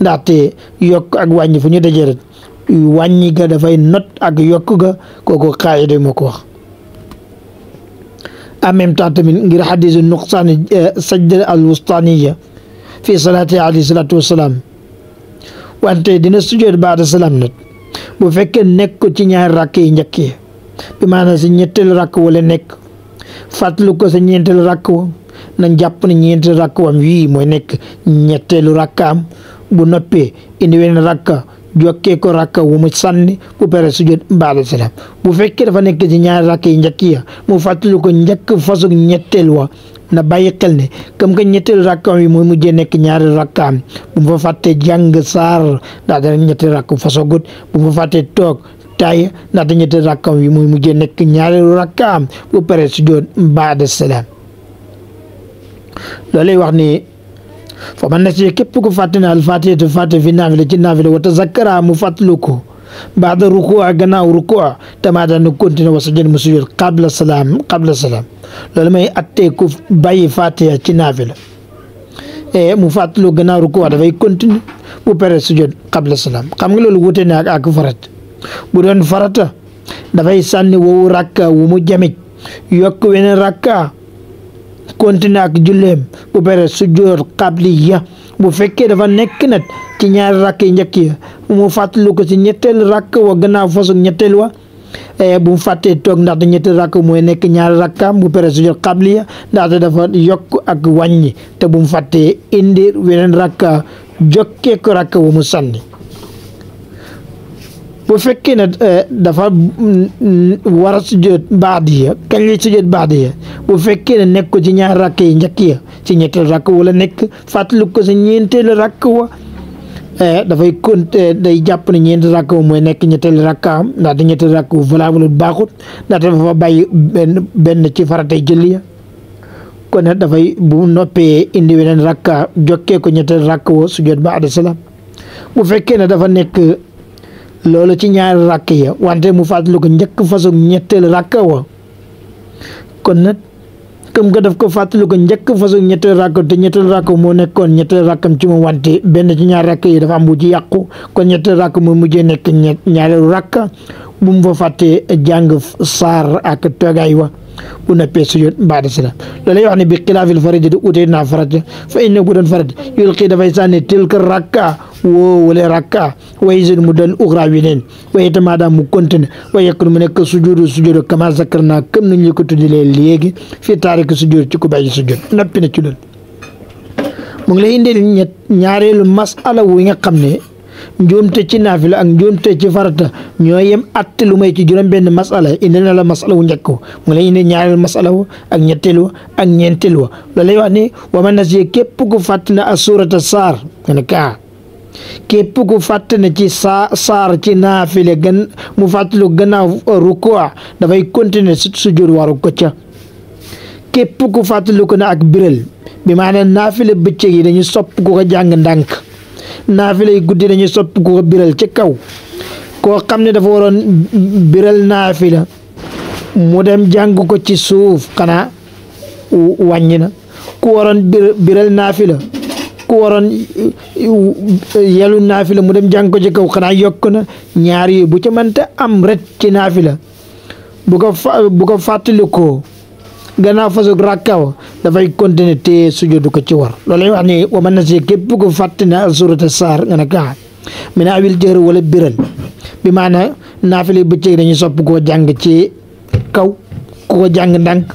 ndaxte yokk ak wàññi fu ñu daje wàññi ga dafay not ak yokk ga kooku xaayida moo ko wax en même temps tamit ngir xadisu nuqsaani eh, sajda al wustaaniya fi salaati alayhi salaatu wante dina sujjoot baada salaam nag bu fekkee nekk ci ñaar ràkk yi njëkk yi bi maanaam si ñetteel rakk wala nekk fàttali ko sa ñeenteel rakk wa nañ jàpp ne ñeenteel rakk wam yii mooy nekk ñetteelu rakkaam bu noppee indi wenn rakka jokkee ko rakka wu mu sànni bu pare sujud baada bu fekkee dafa nekk ci ñaari rakk yi njëkk ya mu fàttali ko njëkk fasug ñetteel wa na bàyyi xel ne comme que ñetteel rakkaam yi mooy mujjee nekk ñaari rakkaam bu mu fa fàttee jàng saar daa dara ñetteel rakk fasogut bu mu fa fàttee toog taay ndaxte ñetteel rakkaam yi mooy mujjee nekk ñaari rakkaam bu pare sujud baada salaam loolay wax ni foo mannette kippiku fatiina alfatih al fatiina finnaan fi la wata zakaraa mu fatiina rukoo baadha rukoo gannaawu rukoo tamma daannu kontiine wasajja mu soojja qabda sallaam qabda sallaam lolii mai atte ku bayyi fatiina finnaan fi la ee mu fatiina gannaawu rukoo dafay kontiine wupere sojja qabda sallaam xam nga loolu akka akka farat bu farata dafay sani wowu rakkoo wumuu jameet yokku wina rakkoo. continue ak juleem bu pare sujjoor qabliya bu fekkee dafa nekk nag ci ñaari rakk yi njëkk ya mu fàttali ko si ñetteel rakk wa gannaaw fasug ñetteel wa eh, bu mu fàttee toog ndaxte ñetti rakk mooy nekk ñaari rakkaam bu pare sujjoor qabliya ndaxte dafa yokk ak wàññi te bu mu fàttee indi weneen rakka jokkee ko wa mu sànni bu fekkee na eh, dafa mm, mm, war a sujjoot baadiya kañ lay sujjoot baadiya bu fekkee ne nekk ko ci ñaar rakk yi njëkk ya ci ñetteel rakk walla nekk fàttaliku ko sa ñeenteelu rakk wa eh, dafay compter day jàpp ne ñeenti mooy nekk ñetteelu rakk am ndaxte ñetteelu rakk wu valable baaxut ndaxte dafa bàyyi benn benn ci faratay julli ya kon nag dafay bu noppee indi weneen rakka jokkee ko ñetteelu rakk wa sujjoot baada salaam bu fekkee ne dafa nekk. loolu ci ñaar rakk ya wante mu fàttali ko njëkk façon ñetteelu rakk wa kon nag comme que daf ko fàttali ko njëkk façon ñetteelu rakk te ñetteelu rakk moo nekkoon ñetteelu rakkam ci mu wante benn ci ñaari rakk yi dafa am bu ci kon ñetteelu rakk moo mujjee nekk ñaareelu rakk bu mu fa fàttee jàng saar ak toogaay wa bu noppee sujud baada la loolu wax ne bi xilaafil fa inna dafay sànni tilka rakka wo wala rakka way zid mu dal uxra winen way ta maada mu kontine way yakun mu nekk sujudu sujudu kama zakar naa comme nañ ñu ko tuddilee léegi fii taariki sujud ci ku bàyyi sujud noppi na ci loolu mu ngi lay indil ñett ñaareelu masala wu nga xam ne njuumte ci naafila ak njuumte ci farata ñoo yem atte lu may ci juróom benn masala indil na la masala wu njëkk mu ngi lay indil ñaareelu masala wu ak ñetteelu ak ñeenteelu wa loolu lay wax ne wa man nasiya képp képp ku fàtt ne ci saa saar ci naafile gën mu fàttalu gannaaw uh, rukkoo dafay continuer sujjóot waaru ko ca képp ku fàttalu ko ne ak biral bi maanaam naafile bëccëg yi dañu sopp ko jàng ndànk naafile guddi dañu sopp ku ko biral ci kaw koo xam ne dafa waroon biral naafila mu dem jàng ko ci suuf xanaa wàññi na ku waroon biral naafila ku waroon eh, yelu naafila mu dem jàng ko ci kaw xanaa yokk na ñaar yooyu bu ca mënta am ret ci naafila bu ko bu ko fàttalikoo gannaaw fasog rakkaw dafay continuer te sujoodu ko ci war loolay wax ne wa mën na si képp ko fàttali na surata saar nga ne kaa ah, mi ne awil jër wala biral bi maana naafila bëccëg dañuy sopp koo jàng ci kaw ku ko jàng ndànk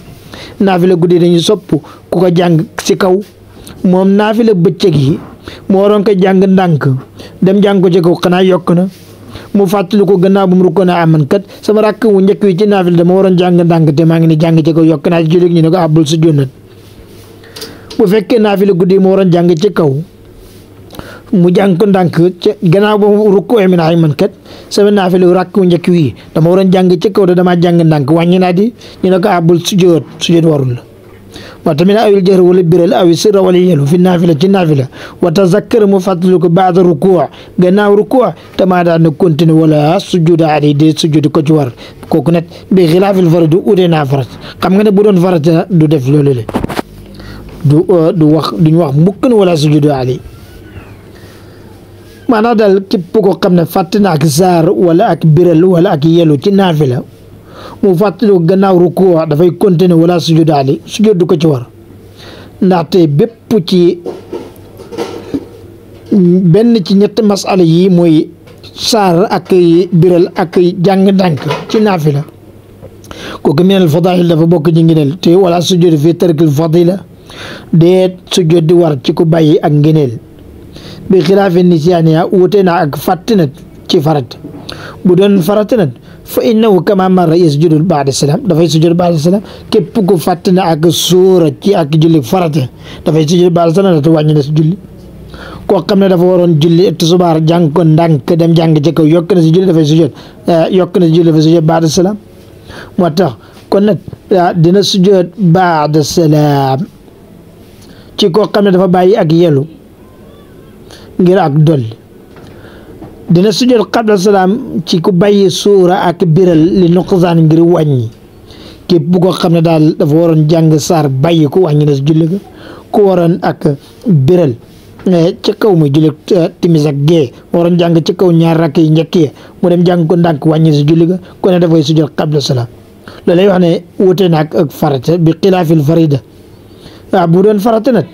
naafila guddi dañuy sopp ku ko jàng ci kaw moom naafila bëccëg yi moo waroon ko jàng ndànk dem jàng ko ci kaw xanaa yokk na mu fàttali ko gannaaw bu mu rukkoon a aman ah, kat sama rakk wu njëkk wi ci naafila dama waroon jàng ndànk te maa ngi ni jàng ci yokk naa ci jullit ñu ne ko àbbul ah, su jonnat bu fekkee naafila jàng ci kaw mu jàng ndànk gannaaw ba mu rukkoo min ay man ah, kat rakk wu njëkk wi dama waroon jàng ci kaw te dama jàng ndànk wàññi naa di ñu ne ko àbbul su jóot su warul waaw tamit awil jëhr wala biral awi sirra wala yelu fi naafila ci naafila wa tazakkar mu fàttali ko baada rukuu gannaaw rukuu tamaa daan na continue wala sujuda ali di sujudi ko ci war kooku nag bi xilaafil farad utee naa farat xam nga ne bu doon farat du def loolu le du euh, wax duñ wax mukk na wala sujuda ali maanaam daal képp koo xam ne fàtte na ak saar wala ak biral wala ak yelu ci naafila mu fàttali gannaaw rukuwa dafay continuer wala sujudaali sujud du ko ci war ndaxte bépp ci benn ci ñetti masala yi mooy saar ak biral ak jàng ndànk ci naafila kooku minal fadail dafa bokk ci ngeneel te wala sujud fi tarkil fadila dee sujud di war ci ku bàyyi ak ngeneel bi xilaafi nisiyaaniya wuute na ak fàtte na ci farat bu doon farata nag fa innahu kama mar yasjudu ba'da salam fay sujud ba'da salam kep ko fatna na ak suura ci ak julli farata fay sujud ba'da salam da wagn na julli ko xamne da fa waroon julli subar jang ko ndank dem jang ci ko yok na julli da fay sujud yok na si julli dafay sujud ba'da salam moo kon nak dina sujud ba'da salam ci ko xamne da fa bayyi ak yelu ngir ak dolli dina sujjoot qabla salaam ci ku bàyyi suura ak biral li nuqsaan ngir wàññi képp bu ko xam ne daal dafa waroon jàng saar bàyyi ko wàññi na si julli ga ku waroon ak biral eh, ca kaw muy julli eh, timis ak gee waroon jàng ci kaw ñaar rakk yi njëkk yi mu dem jàng ko ndànk wàññi si julli ga ku ne dafay sujjoot qabla salaam loolu lay wax ne wute na ak farata bi xilaafil farida waaw bu doon farata nag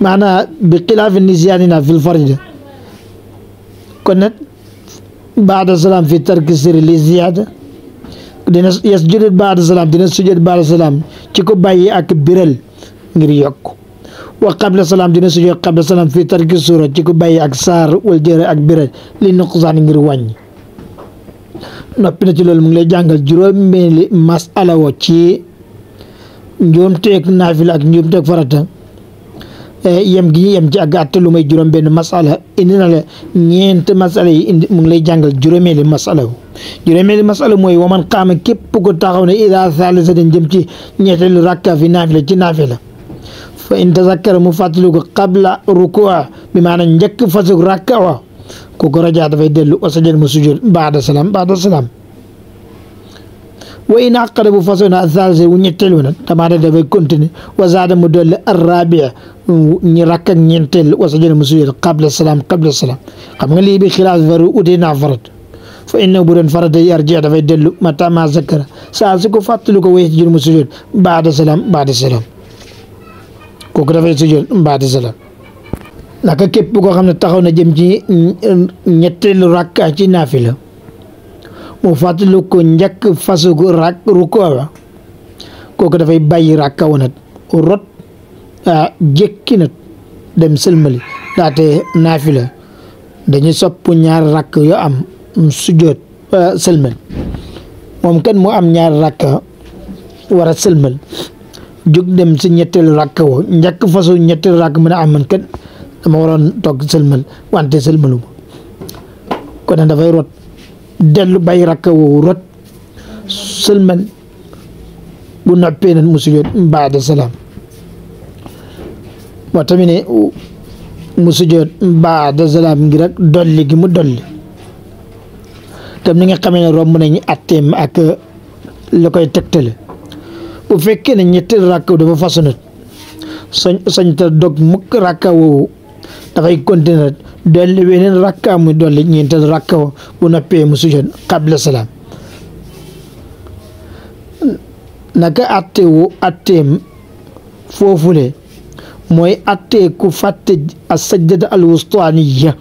maanaa bi xilaafil nisyaani na fil farida kon بعد salaam fi ترك السر للزيادة dina yasjud baada salaam dina sujud baada salaam ci ko bàyyi ak biral ngir yokk wa qabla salaam dina sujud qabla salaam fi tarki suura ci ko bàyyi ak saar wal jëre ak biral li nuqsaan ngir wàññi noppi na ci loolu mu ngi lay jàngal juróom-benni masala wo ci njuumteeg naafila ak njuumteeg farata Eh, yem gi ñu yem ci ak àtte lu may juróom benn masala indi na la ñeent masala yi indi mu ngi lay jàngal juróomeeli masala wu juróomeeli masala mooy waman xaama képp ko taxaw ne ila salisa dañ jëm ci ñetteelu rakka fi naafila ci naafila fa in tazakkara mu fàttali ko qabla rukua bi maanaam njëkk fasug rakka wa kooku raja dafay dellu wasajal mu sujud baada salaam baada salaam وإن أقرب فصلنا الثالث ونيتلونا تما هذا كنتن وزاد مدل الرابع نركع نيتل وسجل مسجد قبل السلام قبل السلام قام لي بخلاف فرو ودينا فرد فإنه بدون فرد يرجع فيدل متى ما ذكر سأسكو فاتلوك ويسجل مسجد بعد السلام بعد السلام كوكرا في سجل بعد السلام لكن كيف koo xam ne taxaw na jëm ci ñetteelu mu fàttali ko njëkk fasagu rak rukkoo ba kooku dafay bàyyi rakkaw nag rot ah dem sëlmali ndaxte naafila dañuy sopp ñaar rakk yoo am sujjoot sëlmal moom kan mu am ñaar rakk war a sëlmal jóg dem si ñetteelu rakk wo njëkk fasu ñetteelu rakk mën a ah, am man kat dama waroon toog sëlmal wante sëlmalu ko kon dafay rot. dellu bay rakka woowu rot sëlmal bu noppee nag mu sujjoot baada salaam moo tamit ne mu sujjoot baada salaam ngir ak dolli gi mu dolli tam ni nga xamee ne romb nañu atteem ak la koy tegtale bu fekkee na ñetti rakk dafa façonat sañ sañ ta dog mukk rakka woowu dafay continuer rek dolli weneen rakka muy dolli ñeenteel rakka bu noppee mu sujjoon qabla salaam naka atte wu atteem foofule mooy attee ku fàtte as-sajdata al-wustaaniya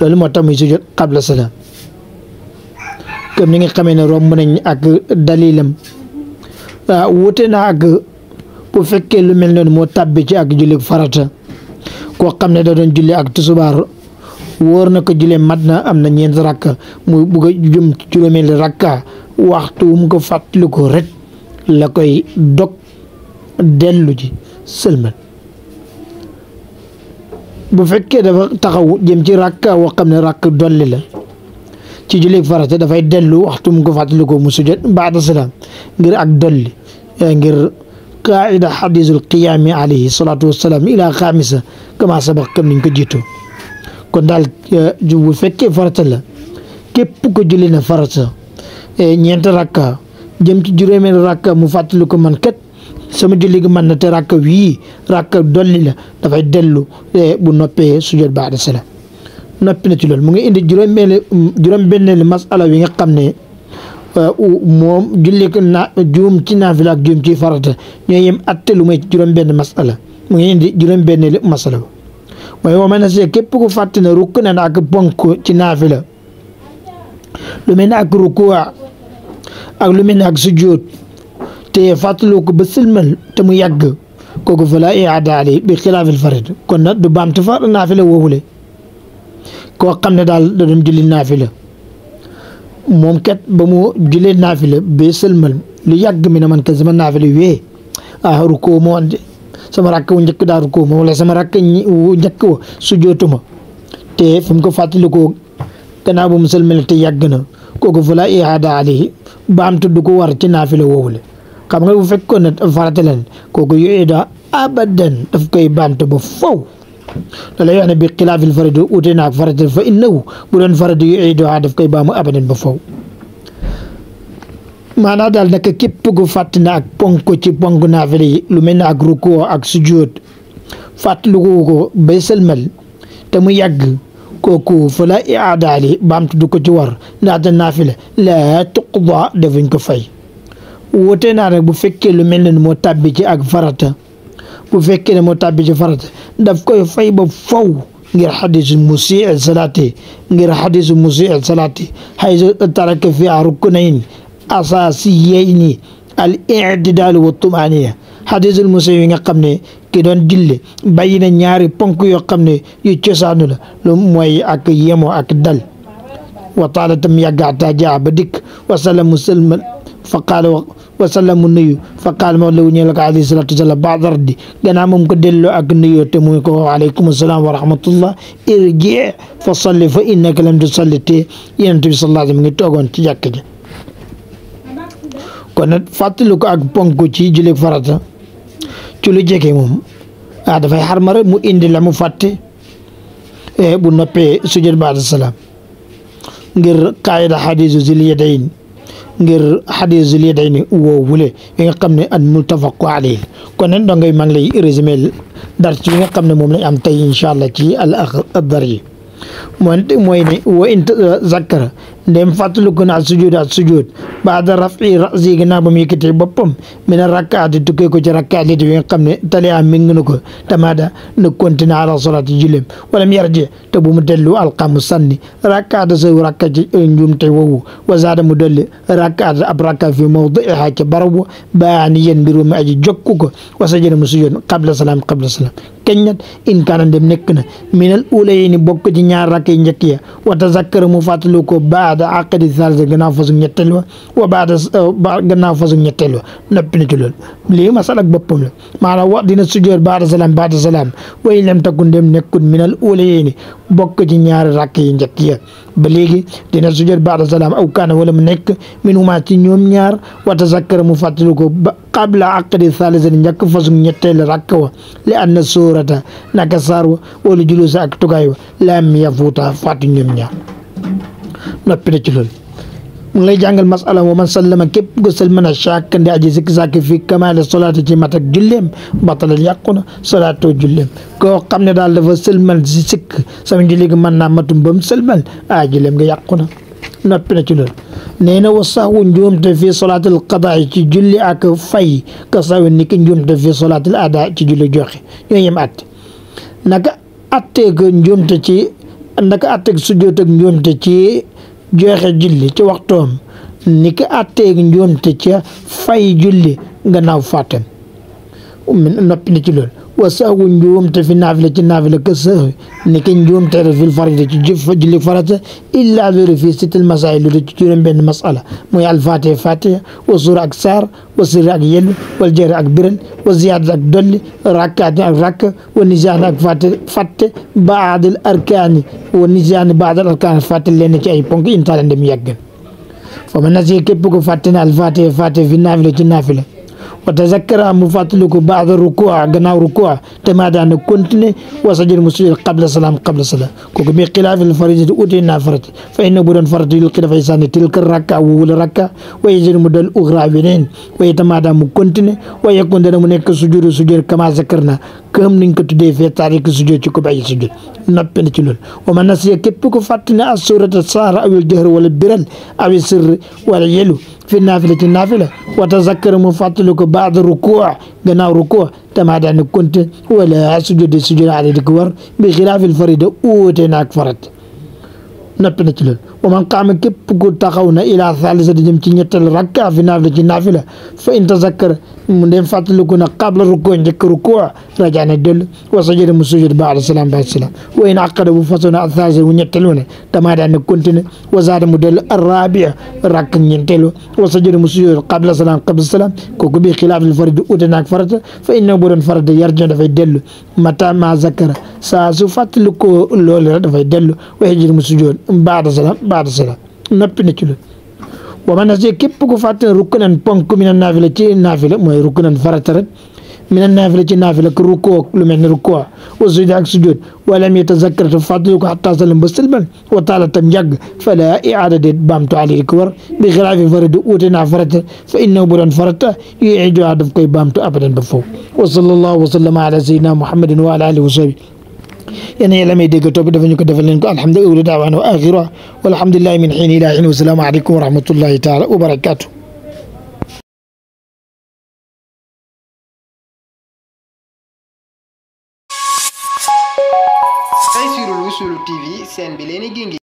loolu moo tax muy sujjoon qabla salaam comme ni nga xamee ne romb nañ ak dalilam ah, wute na ak bu fekkee lu mel noonu moo tàbbi ci ak jullit farata koo xam ne da doon julli ak tusubaar wóor na ko julli mat na am na ñeent rakka muy bugg a jëm juróomeeli rakka waxtu wu ko fàttaliku rek la koy dog dellu ci sëlmal bu fekkee dafa taxaw jëm ci rakka woo xam ne rakk dolli la ci julli farata dafay dellu waxtu mu ko fàttaliku mu sujjat baada salaam ngir ak dolli ngir qaida hadisul qiyaami alayhi salaatu wasalaam ila xaamisa kama sabax kam niñ ko jiitu kon daal eh, bu fekkee farata la képp ko julli na farata eh, ñeent rakka jëm ci juróomeel rakka mu fàttali ko man kat sama julli gi man na te rakka wii rakka dolli la dafay dellu eh, bu noppee sujjoot baada salaam noppi na ci mu ngi indi juróom benn mm, juróom benn masala wi nga xam ne Euh, moom jullik na juum ci naafila ak juum ci farata ñoo yem atte lu may juróom-benn masala mu ngi indi juróom-benn masala waaye woo mën na see képp ku rukk na ak ponk ci naafila lu mel ne ak rukuwa ak lu mel ak sujjóot te fàttaloo ko ba te mu yàgg kooku fa laa iaada ali bi xilaafil farid kon nag du baamtu fa naafila woowule koo xam ne daal da julli naafila moom kat ba mu julee naafila bee sëlmal lu yàgg mi ne man kat sama naafila wee ah rukkoo moo andi sama rakk wu njëkk daa rukkoo ma wala sama rakk wu njëkk wa sujjootuma te fi mu ko fàttalikoo gannaaw ba mu sëlmal te yàgg na kooku fa laa ihaada alayhi baam tudd ko war ci naafila woowu la xam nga bu fekkoon ne farata leen kooku yu idaa abadan daf koy baamte ba faw da lay wax ne bi xilaafil faridi ute naak farati fa innahu bu faradi yu iiduhaa daf koy baamu abadan ba faw maanaam daal naka képp gu fàtt na ak ponk ci ponk naafile yi lu mel ne ak rukkoo ak sujjóot fàttaliku ko bay sëlmal te mu yàgg kooku fa la iaadaali baamtu du ko ci war ndaxte naafile la tuqda defuñ ko fay wute naa bu fekkee lu mel na moo tàbbi ci ak farata bu fekkee ne moo tàbbi ci farata daf koy fay ba faw غير حديث المسيء صلاته غير حديث المسيء صلاته حيث ترك فيها ركنين أساسيين الاعتدال والطمأنينة حديث المسيء nga xam ne ki doon dille bàyyi na ñaari ponk yoo xam ne yu cosaanu la lu mooy ak yemoo ak dal wa taala tam yàgg ata jaa ba dikk wa sala musalman fa qaala wasallam mu nuyu fa qaal moo lawu ñëw la ko alayhi salatu wasalam baada raddi gannaaw moom ko delloo ak nuyoo te muy ko waaleykum asalaam wa rahmatullah irji fa salli fa innaka lam tusalli te yonent bi sallallahu alayhi ngi toogoon ci jàkk ji kon nag fàttali ko ak ponk ci julli farata ci lu jege moom ah dafay xarma rek mu indi la mu fàtte eh, bu noppee sujud baada salaam ngir qaayida xadiisu zil yadayn ngir xadis li day woo wule yi nga xam ne an muttafaqu alayhi kon nag dongay maa ngi lay résumé dar ci yi nga xam ne moom lañ am tey incha allah ci al akhdar yi mooy mooy ne wa in zakara ndem fàttaliku na sujud ak sujud baada rafi rasi ginnaaw ba mu yëkkatee boppam mina rakkaati tukkee ko ci rakkaati bi nga xam ne tali am méng na ko tamaada na continué ala solaati julleem wala mu yarje te bu mu sanni rakkaata sa rakka ci njuumte woowu wa zaada mu dolli rakkaata ab rakka fi mawdiha ci barabu baaniyan mbir mi aji jokku ko wa sajada mu sujud qabla salaam qabla salaam keññat in kaana ndem nekk na minal ulayni bok ci ñaar rak yi ñek ya wa tazakkaru mu fàttaliku ko ba'da aqdi salisa gannaaw fasu ñettel wa wa ba'da gannaaw fasu ñetteel wa noppi na ci ma sal ak bopum la maanaam wa dina sujjoor ba'da salam ba'da salam way lam takun dem nekkul minal ulayni bokk ci ñaari rakk yi njëkk ba léegi dina sujjat baada salaam aw kaana wala mu nekk min huma ci ñoom ñaar wa tazakkara mu fàttali ko ba qabla aqdi thalithati njëkk fasu ñetteel rakk wa li anna suurata naka saar wa wala julusa ak tugaay wa lam yafuuta ñoom ñaar noppi na ci loolu mu lay jàngal masala wa man sallama képp ko salmana chàkk ndi aji sikki sàkk fii kamaale solaati ci mat ak julleem batalan yàqu na solaatoo julleem koo xam ne daal dafa sëlmal sikk sama julli gi mën naa matum ba mu sëlmal ah julleem nga yàqu na noppi na ci loolu nee na wa saxu njuumte fii solaatil ci julli ak fay ka sawi ni ki njuumte fii solaatil aada ci julli joxe ñoo yem atte naka atteeg njuumte ci naka atteeg sujjoot ak njuumte ci joxe julli ci waxtoom ni ki àtteeg njuumte ca fay julli gannaaw fàttem noppi na ci loolu وسهو نجومت تفي نافلة النافلة كالسهو لكن جوم تعرف في الفريضة تجف فجل فرته إلا ذري في ست المسائل اللي تجرم بين مسألة مي الفاتحة فاتحة والصورة أكسار والسر أجيل والجر أكبر والزيادة أكدل ركعة ركعة والنزان أكفات فات بعد الأركان والنزان بعد الأركان فات اللي نجاي بونك إنتال عندما يجن فمن نسي كيبوك فاتنا الفاتحة فاتحة في النافلة النافلة wa tazakkara mu fàttaliku baada rukua gannaaw rukua te maa daan continuer wa sajid mu sujud qabla salaam qabla salaam kooku bi xilaafil faridati uti naa farata fa inna bu doon farata yulqi dafay sànni tilka rakka wala rakka wa yajid mu dal uxra weneen wa itam maa daan mu continuer wa yakun mu nekk sujud sujud kama zakarna këm niñ ko tuddee fee tarik sujud ci ko bàyyi sujud ci loolu wa man nasiya képp ko fàttali بعد الركوع gannaaw rukuux tamaadaan ni konte wala sujud sujud adadi ko war bi xilaaf al farida uute naag farat noppi na ci loolu ومن قام كيب كو تاخونا الى ثالثه دي نمتي نيتال ركع في نافل دي نافل فان تذكر من دين فاتلكونا قبل الركوع نجك ركوع رجعنا دل وسجد مسجد بعد السلام بعد السلام وان عقد بفصلنا الثالثه ونيتالونا تما دان كنتن وزاد مدل الرابع ركع نيتالو وسجد مسجد قبل السلام قبل السلام كوكو بخلاف الفرد اوتناك فرد فانه بدون فرد يرجع في دل متى ما ذكر سازوفات لكو لول رادفا يدلو ويجر مسجون بعد صلاة بعد صلاة نبني كله وما ركن ان بانكو من النافلة تي النافلة ركن ان فرطر من النافلة تي كروكو لمن ركوا وزيد سجود ولم يتذكر فاتلوك حتى سلم بسلبا وطالة تمجاق فلا إعادة ديت بامتو علي الكور بغلاف فرد أوتنا فرطة فإنه بلان فرطة يعيدو عدف كي بامتو أبدا بفو وصلى الله وسلم على سيدنا محمد وعلى آله وصحبه yéen ñi la may dégg topp dafa ñu ko defal leen ko alhamdulilah wa daawaana wa axiru walhamdulilahi min xiin ilaa xiin wasalaamu aleykum wa rahmatullahi taala wa barakaatu